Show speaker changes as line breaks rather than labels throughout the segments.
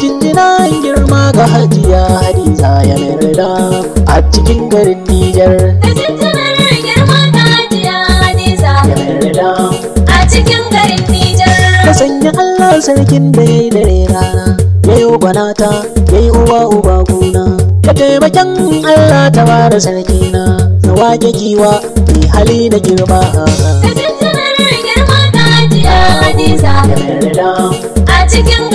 jinjina girma ga hajiya hadiza ya narda a
cikin garin Nijar. Da jinjinar girma ga hajiya hadiza ya narda a cikin garin Nijar. Ka sanya Allah sarkin da ya yi dare rana,
ya yi ubanata, ya yi uwa uba gona. Ka taimakon Allah ta ba da sarkina, na wake kiwa, mai hali da girma a cikin jinjinar
girma ga hajiya hadiza ya narda a cikin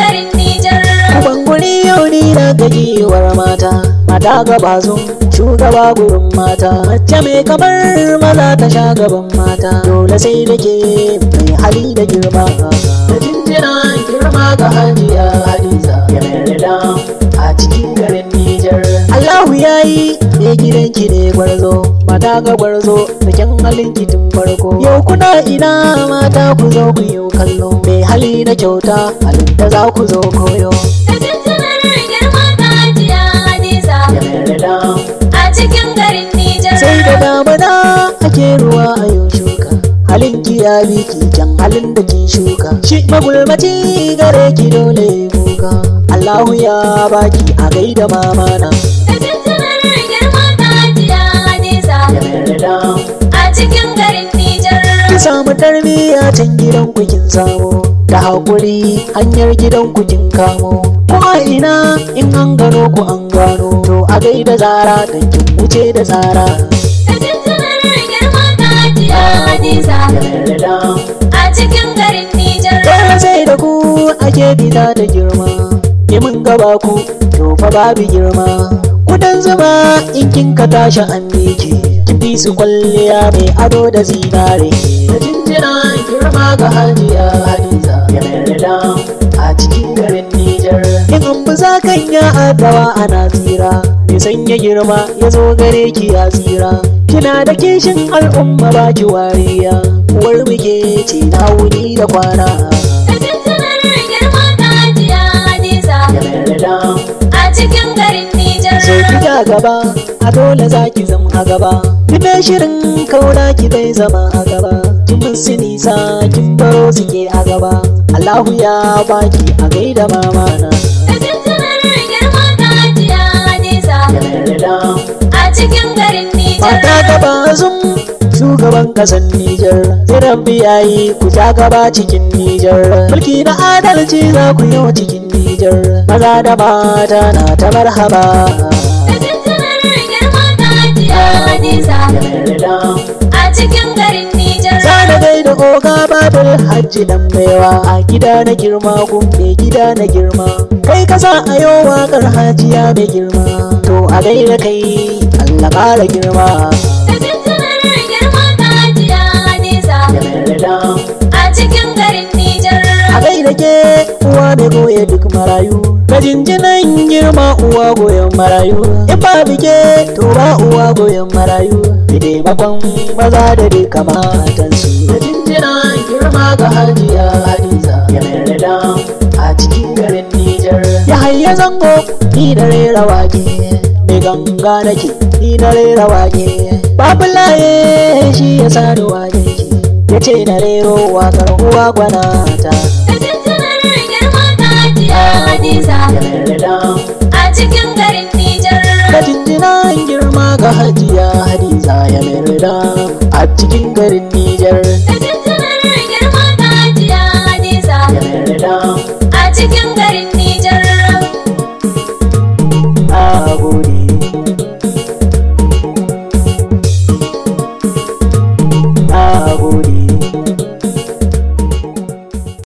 gida gajiyuwar mata mata gaba zo shugaba gurin mata mace mai kamar maza ta sha gaban mata dole sai da ke mai hali da girma da jinjina girma ga hajiya hadiza ya mai a cikin garin Nijar Allahu yayi me gidanki ne gwarzo mata ga gwarzo bikin halin tun farko yau kuna ina mata ku zo ku yi kallo mai hali na kyauta da za ku zo koyo ya miki can halin da kin shuka shi magulmaci gare ki dole kuka Allahu ya baki a gaida mamana a
cikin garin ki
samu tarbiyya can gidan kukin samu da haƙuri hanyar gidan kukin kamo ko a ina in an gano ku an gano to a gaida zara kan kin wuce da zara
hadiza a cikin garin nijar
sai da ku ake bita da girma ke mun gaba ku to fa babu girma kudan zuma in kin ka tashi an miki kin bi su kwalliya mai ado da zinare da jinjina girma ga hajiya hadiza a cikin garin nijar in an bi zakanya adawa ana tsira ki ya girma ya zo gare ki ya tsira kina da kishin al'umma ba ki wariya uwar muke ce na wuni da kwana
a cikin
gaba, a dole za ki zama a gaba. Kina shirin kaura ki bai zama a gaba. Ki su nisa, kin baro suke a gaba. Allahu ya baki a gaida mamana. shugaban kasan Nijar Ziran biyayi ku ja gaba cikin Nijar Mulki na adalci za ku yi wa cikin Nijar Maza da mata na ta marhaba
A cikin
da oga hajji dan baiwa A gida na girma kun gida na girma Kai kasa a yau waƙar hajiya mai girma To a gaida kai Allah ƙara girma duk marayu ka jinjinan girma uwa goyon marayu in ba bike to ba uwa goyon marayu da taimakon maza da duka matansu ka jinjinan girma ga hajiya hadiza ya mayar da a cikin garin nijar ya hayya zango ni da rera wake mai ganga nake ni da rera wake babu laye shi ya da wake ya ce na rero wakar uwa gwana ta